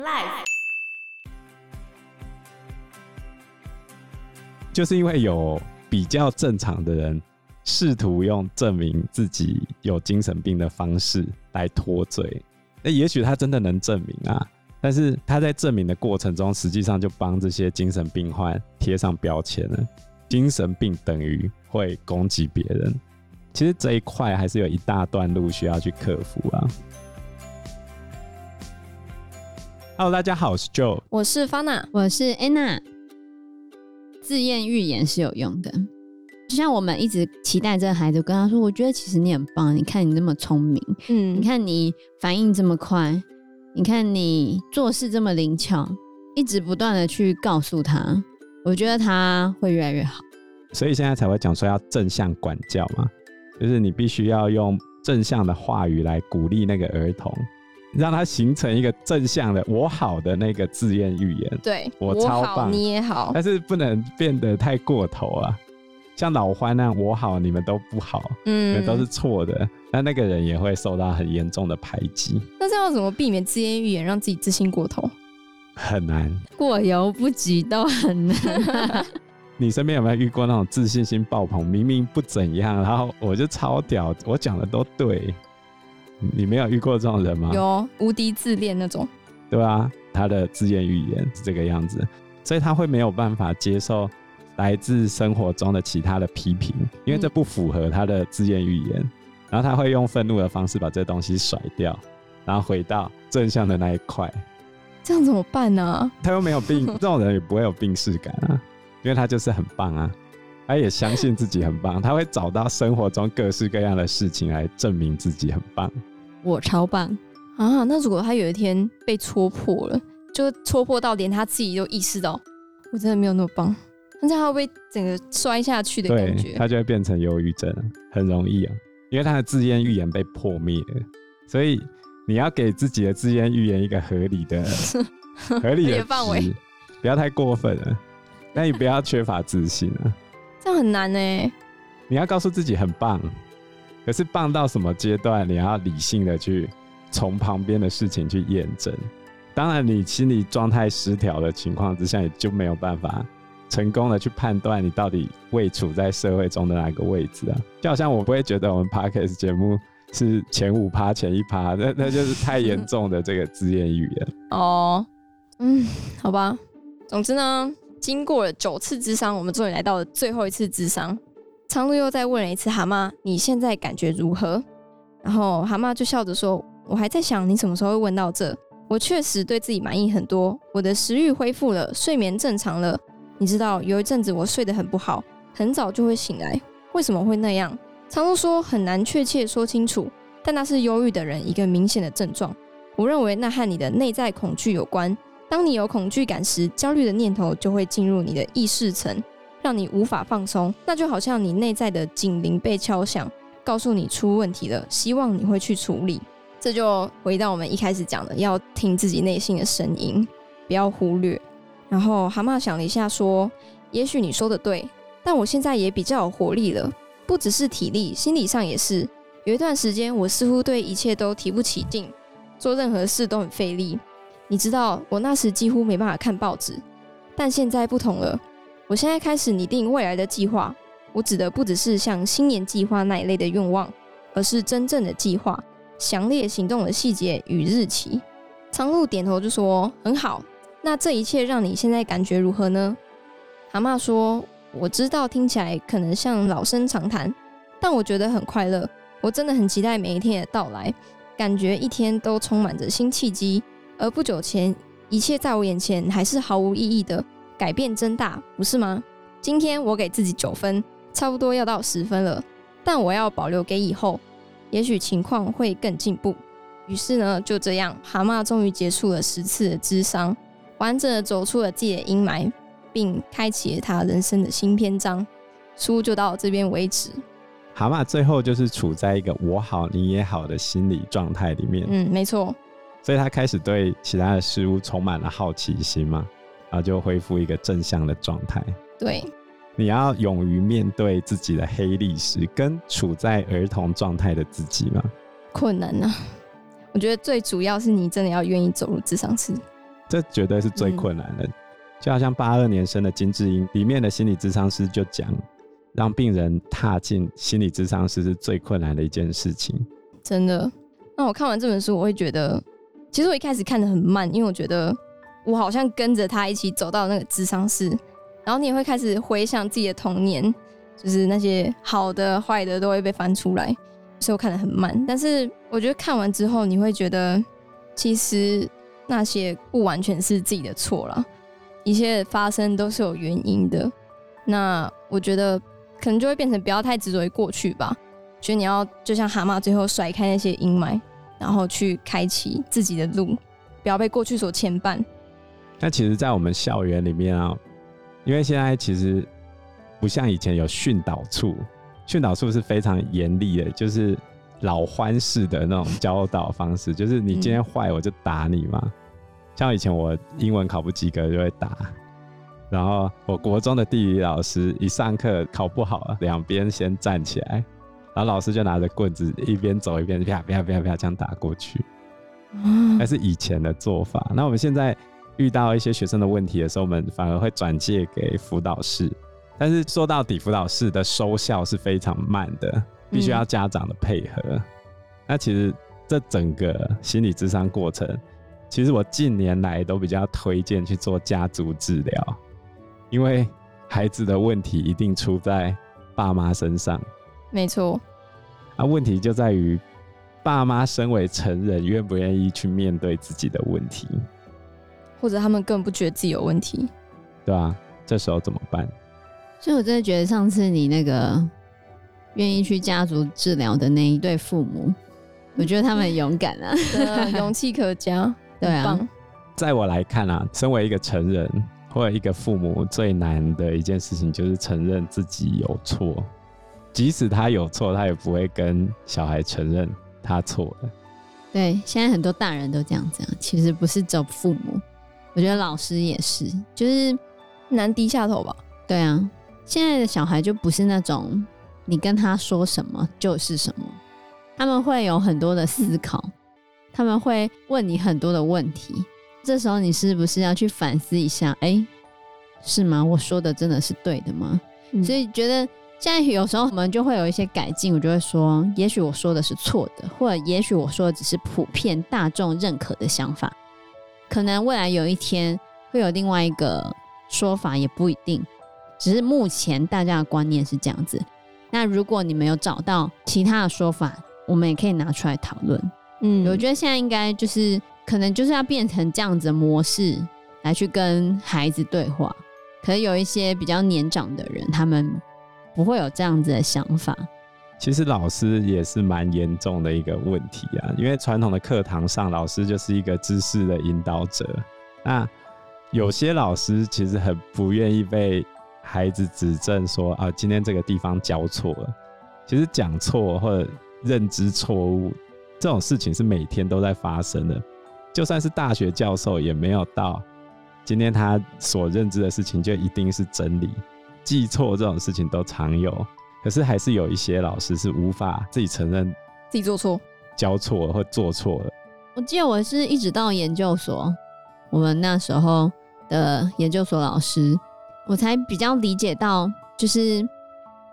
Life 就是因為有比較正常的人試圖用證明自己有精神病的方式來脫罪，那、欸、也許他真的能證明啊，但是他在證明的過程中，實際上就幫這些精神病患貼上標籤了。精神病等於會攻擊別人，其實這一塊還是有一大段路需要去克服啊。Hello，大家好，我是 Joe，我是 Fana，我是 Anna。自驗預言是有用的，就像我們一直期待這個孩子，跟他說：“我覺得其實你很棒，你看你那麼聰明，嗯，你看你反應這麼快，你看你做事這麼靈巧，一直不斷的去告訴他，我覺得他會越來越好。”所以現在才會講說要正向管教嘛，就是你必須要用正向的話語來鼓勵那個兒童。讓他形成一個正向的“我好”的那個自驗預言。對，我超棒，我好，你也好，但是不能變得太過頭啊。像老獾那、啊、樣，“我好”，你們都不好，嗯、你們都是錯的，那那個人也會受到很嚴重的排擠。那這樣要怎麼避免自驗預言，讓自己自信過頭？很難，過猶不及都很難，啊。 你身邊有沒有遇過那種自信心爆棚、明明不怎樣，然後我就超屌，我講的都對？你沒有遇過這種人嗎？有無敵自戀那種，對啊，他的自驗預言是這個樣子，所以他會沒有辦法接受來自生活中的其他的批評，因為這不符合他的自驗預言，嗯、然後他會用憤怒的方式把這東西甩掉，然後回到正向的那一塊。這樣怎麼辦呢、啊？他又沒有病， 這種人也不會有病恥感啊，因為他就是很棒啊。他也相信自己很棒， 他會找到生活中各式各樣的事情來證明自己很棒。我超棒啊！那如果他有一天被戳破了，就戳破到連他自己都意識到，我真的沒有那麼棒，那這樣他會不會整個摔下去的感覺？對，他就會變成憂鬱症了，很容易啊，因為他的自驗預言被破滅。所以你要給自己的自驗預言一個合理的、 合理的範圍，也放 不要太過分了。那你不要缺乏自信啊。這樣很難呢、欸。你要告訴自己很棒，可是棒到什麼階段？你要理性的去從旁邊的事情去驗證。當然，你心理狀態失調的情況之下，你就沒有辦法成功的去判斷你到底位處在社會中的哪個位置啊。就好像我不會覺得我們 Podcast 節目是前五趴、前一趴，那那就是太嚴重的這個自驗預言。哦、 嗯，嗯，好吧。總之呢。經過了九次諮商，我們終於來到了最後一次諮商。蒼鷺又再問了一次蛤蟆：“你現在感覺如何？”然後蛤蟆就笑着說：“我還在想你什麼時候會問到這。我確實對自己滿意很多，我的食欲恢復了，睡眠正常了。你知道有一陣子我睡得很不好，很早就會醒來。為什麼會那樣？”蒼鷺說：“很難確切說清楚，但那是憂鬱的人一個明顯的症狀。我認為那和你的內在恐懼有關。”當你有恐懼感時，焦慮的念頭就會進入你的意識層，讓你無法放鬆。那就好像你內在的警鈴被敲響，告訴你出問題了，希望你會去處理。這就回到我們一開始講的，要聽自己內心的聲音，不要忽略。然後蛤蟆想了一下，說：“也許你說得對，但我現在也比較有活力了，不只是體力，心理上也是。有一段時間，我似乎對一切都提不起勁，做任何事都很費力。”你知道我那時幾乎沒辦法看報紙，但現在不同了。我現在開始擬定未來的計劃。我指的不只是像新年計劃那一類的願望，而是真正的計劃，詳列行動的細節與日期。蒼鷺點頭就說：“很好。”那這一切讓你現在感覺如何呢？蛤蟆說：“我知道聽起來可能像老生常談，但我覺得很快樂。我真的很期待每一天的到來，感覺一天都充滿着新契機。”而不久前，一切在我眼前還是毫無意義的。改變真大，不是嗎？今天我給自己九分，差不多要到十分了，但我要保留給以後，也許情況會更進步。於是呢，就這樣，蛤蟆終於結束了十次的諮商，完整的走出了自己的陰霾，並開啟了他人生的新篇章。書就到這邊為止。蛤蟆最後就是處在一個“我好你也好的”心理狀態裡面。嗯，沒錯。所以他開始對其他的事物充滿了好奇心嘛，然後就恢復一個正向的狀態。對，你要勇於面對自己的黑歷史，跟處在兒童狀態的自己嘛。困難啊，我覺得最主要是你真的要願意走入諮商室，這絕對是最困難的。嗯，就好像八二年生的金智英裡面的心理諮商師就講，讓病人踏進心理諮商室是最困難的一件事情。真的，那我看完這本書，我會覺得。其實我一開始看得很慢，因為我覺得我好像跟着他一起走到那個諮商室，然後你也會開始回想自己的童年，就是那些好的、壞的都會被翻出來，所以我看得很慢。但是我覺得看完之後，你會覺得其實那些不完全是自己的錯了，一切發生都是有原因的。那我覺得可能就會變成不要太執着於過去吧，所以你要就像蛤蟆最後甩開那些陰霾。然後去開啟自己的路，不要被過去所牽絆。那其實，在我們校園裡面啊，因為現在其實不像以前有訓導處，訓導處是非常嚴厲的，就是老獾式的那種教導方式， 就是你今天壞我就打你嘛。嗯。像以前我英文考不及格就會打，然後我國中的地理老師一上課考不好，兩邊先站起來。然後老師就拿着棍子一邊走一邊啪啪啪啪啪這樣打過去，那是以前的做法。那我們現在遇到一些學生的問題的時候，我們反而會轉介給輔導室，但是說到底，輔導室的收效是非常慢的，必須要家長的配合。嗯、那其實這整個心理諮商過程，其實我近年來都比較推薦去做家族治療，因為孩子的問題一定出在爸媽身上，沒錯。那、啊、問題就在於，爸媽身為成人，願不願意去面對自己的問題？或者他們更不覺得自己有問題，對啊，這時候怎麼辦？所以，我真的覺得上次你那個願意去家族治療的那一對父母，嗯、我覺得他們很勇敢啊，勇氣可嘉。 對啊，在我來看啊，身為一個成人或者一個父母，最難的一件事情就是承認自己有錯。即使他有錯，他也不會跟小孩承認他錯了。對，現在很多大人都這樣子啊，其實不是只有父母，我覺得老師也是，就是難低下頭吧。對啊，現在的小孩就不是那種你跟他說什麼就是什麼，他們會有很多的思考，他們會問你很多的問題。這時候你是不是要去反思一下？哎，是嗎？我說的真的是對的嗎？嗯。所以覺得。現在有時候我們就會有一些改進，我就會說，也許我說的是錯的，或者也許我說的只是普遍大眾認可的想法。可能未來有一天會有另外一個說法，也不一定。只是目前大家的觀念是這樣子。那如果你沒有找到其他的說法，我們也可以拿出來討論。嗯，我覺得現在應該就是可能就是要變成這樣子的模式來去跟孩子對話。可能有一些比較年長的人，他們。不會有這樣子的想法。其實老師也是蠻嚴重的一個問題啊，因為傳統的課堂上，老師就是一個知識的引導者。那有些老師其實很不願意被孩子指正說啊，今天這個地方教錯了。其實講錯或者認知錯誤這種事情是每天都在發生的。就算是大學教授，也沒有到今天他所認知的事情就一定是真理。記錯這種事情都常有，可是還是有一些老師是無法自己承認自己做錯、教錯或做錯了。我記得我是一直到研究所，我們那時候的研究所老師，我才比較理解到，就是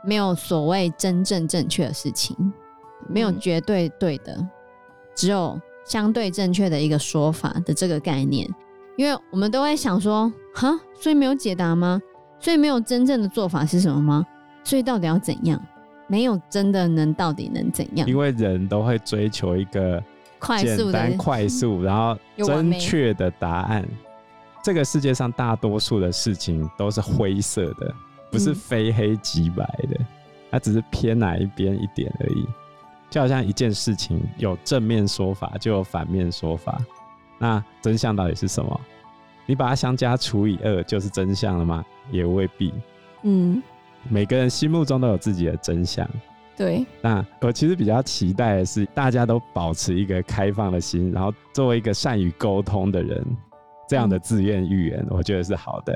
沒有所謂真正正確的事情，沒有絕對對的，嗯、只有相對正確的一個說法的這個概念。因為我們都會想說，哈，所以沒有解答嗎？所以沒有真正的做法是什麼嗎？所以到底要怎樣？沒有真的能到底能怎樣？因為人都會追求一個簡單快速，快速然後正確的答案。這個世界上大多數的事情都是灰色的，不是非黑即白的，它、嗯啊、只是偏哪一邊一點而已。就好像一件事情有正面說法，就有反面說法，那真相到底是什麼？你把它相加除以二就是真相了嗎？也未必。嗯，每個人心目中都有自己的真相。對。那我其實比較期待的是，大家都保持一個開放的心，然後作為一個善於溝通的人，這樣的自驗預言，我覺得是好的。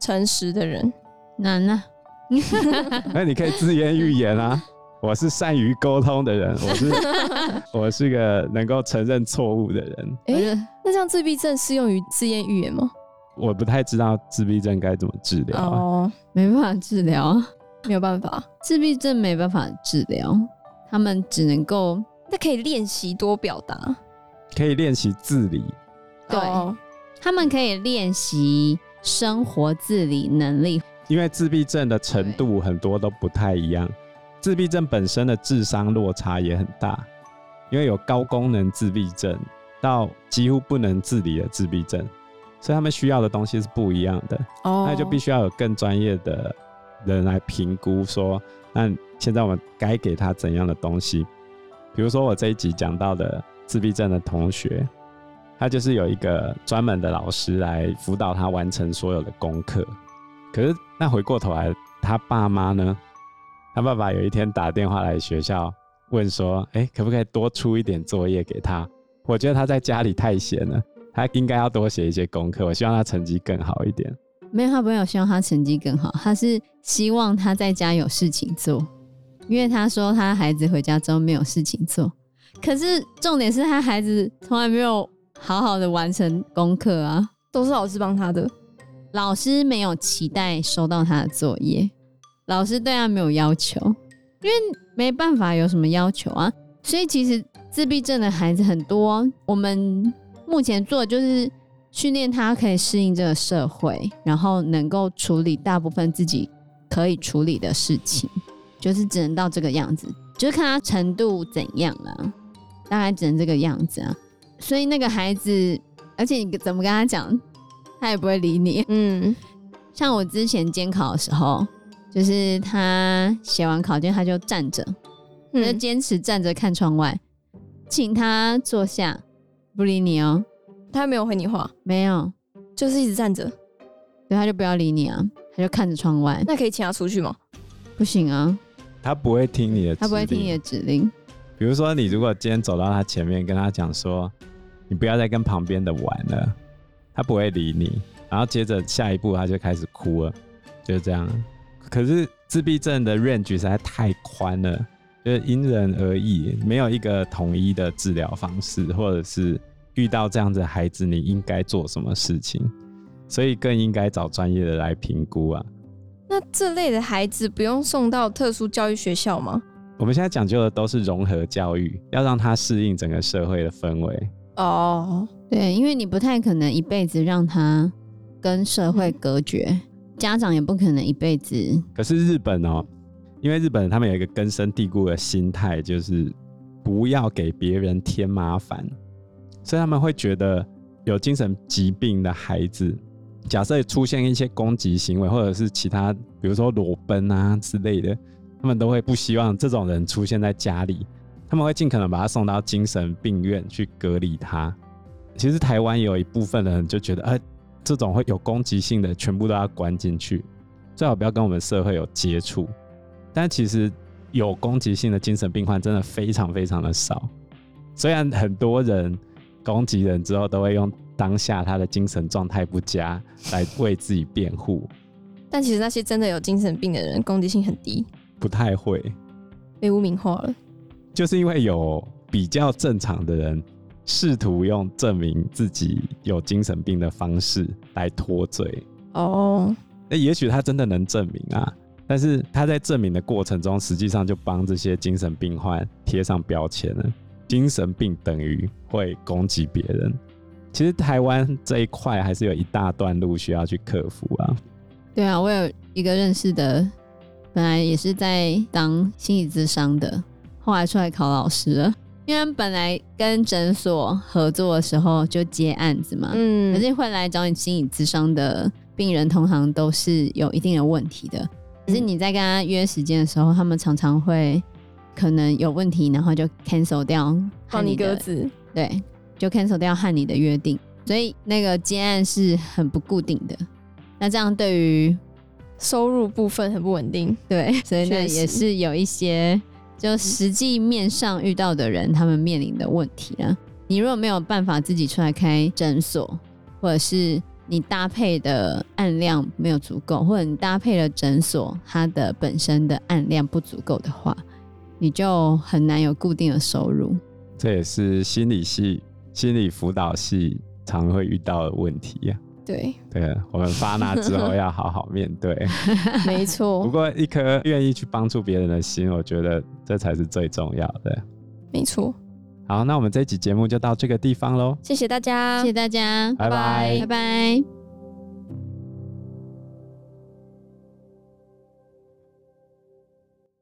誠實的人難啊。娜娜 那你可以自驗預言啊。我是善於溝通的人，我是 我是一個能夠承認錯誤的人。哎、欸，那像自閉症適用於自驗預言嗎？我不太知道自閉症該怎麼治療哦，oh, 沒辦法治療， 沒有辦法，自閉症沒辦法治療，他們只能夠那可以練習多表達，可以練習自理，oh. 對，他們可以練習生活自理能力，因為自閉症的程度很多都不太一樣。自閉症本身的智商落差也很大，因為有高功能自閉症到幾乎不能自理的自閉症，所以他們需要的東西是不一樣的。Oh. 那就必須要有更專業的人來評估說，說那現在我們該給他怎樣的東西？比如說我這一集講到的自閉症的同學，他就是有一個專門的老師來輔導他完成所有的功課。可是那回過頭來，他爸媽呢？他爸爸有一天打電話來學校問說：“哎、欸，可不可以多出一點作業給他？我覺得他在家裡太閒了，他應該要多寫一些功課。我希望他成績更好一點。”沒有，他沒有希望他成績更好，他是希望他在家有事情做，因為他說他孩子回家之後沒有事情做。可是重點是他孩子從來沒有好好的完成功課啊，都是老師幫他的。老師沒有期待收到他的作業。老師對他沒有要求，因為沒辦法有什麼要求啊。所以其實自閉症的孩子很多，我們目前做的就是訓練他可以適應這個社會，然後能夠處理大部分自己可以處理的事情，就是只能到這個樣子，就是看他程度怎樣了，大概只能這個樣子啊。所以那個孩子，而且你怎麼跟他講，他也不會理你。嗯，像我之前監考的時候。就是他寫完考卷，他就站着，嗯、他堅持站着看窗外。請他坐下，不理你哦、喔。他又沒有回你話，沒有，就是一直站着。所以他就不要理你啊，他就看着窗外。那可以請他出去嗎？不行啊，他不會聽你的，他不會聽你的指令。指令比如說，你如果今天走到他前面，跟他講說，你不要再跟旁邊的玩了，他不會理你。然後接着下一步，他就開始哭了，就是這樣。可是自閉症的 range 實在太寬了，就是因人而異，沒有一個統一的治療方式，或者是遇到這樣子的孩子，你應該做什麼事情？所以更應該找專業的來評估啊。那這類的孩子不用送到特殊教育學校嗎？我們現在講究的都是融合教育，要讓他適應整個社會的氛圍。哦，oh. 對，因為你不太可能一輩子讓他跟社會隔絕。家長也不可能一輩子。可是日本哦，因為日本他們有一個根深蒂固的心態，就是不要給別人添麻煩，所以他們會覺得有精神疾病的孩子，假設出現一些攻擊行為，或者是其他，比如說裸奔啊之類的，他們都會不希望這種人出現在家裡，他們會盡可能把他送到精神病院去隔離他。其實台灣有一部分人就覺得，哎。這種會有攻擊性的，全部都要關進去，最好不要跟我們社會有接觸。但其實有攻擊性的精神病患真的非常非常的少，雖然很多人攻擊人之後都會用當下他的精神狀態不佳來為自己辯護，但其實那些真的有精神病的人攻擊性很低，不太會被污名化了，就是因為有比較正常的人，試圖用證明自己有精神病的方式來脫罪哦，那、oh. 欸、也許他真的能證明啊，但是他在證明的過程中，實際上就幫這些精神病患貼上標籤了。精神病等於會攻擊別人，其實台灣這一塊還是有一大段路需要去克服啊。對啊，我有一個認識的，本來也是在當心理諮商的，後來出來考老師了。因為他們本來跟診所合作的時候就接案子嘛，嗯、可是會來找你心理諮商的病人通常都是有一定的問題的，嗯、可是你在跟他約時間的時候，他們常常會可能有問題，然後就 cancel 掉和你，放你鴿子，對，就 cancel 掉和你的約定，所以那個接案是很不固定的，那這樣對於收入部分很不穩定，對，所以那也是有一些。就實際面上遇到的人，嗯、他們面臨的問題啊。你如果沒有辦法自己出來開診所，或者是你搭配的案量沒有足夠，或者你搭配的診所它的本身的案量不足夠的話，你就很難有固定的收入。這也是心理系、心理輔導系常會遇到的問題呀、啊。對對，我們發那之後要好好面對。 沒錯 錯。 不過一顆願意去幫助別人的心，我覺得這才是最重要的。沒錯 錯。好，那我們這期節目就到這個地方嘍。謝謝大家，謝謝大家，拜拜 Bye bye,，拜拜。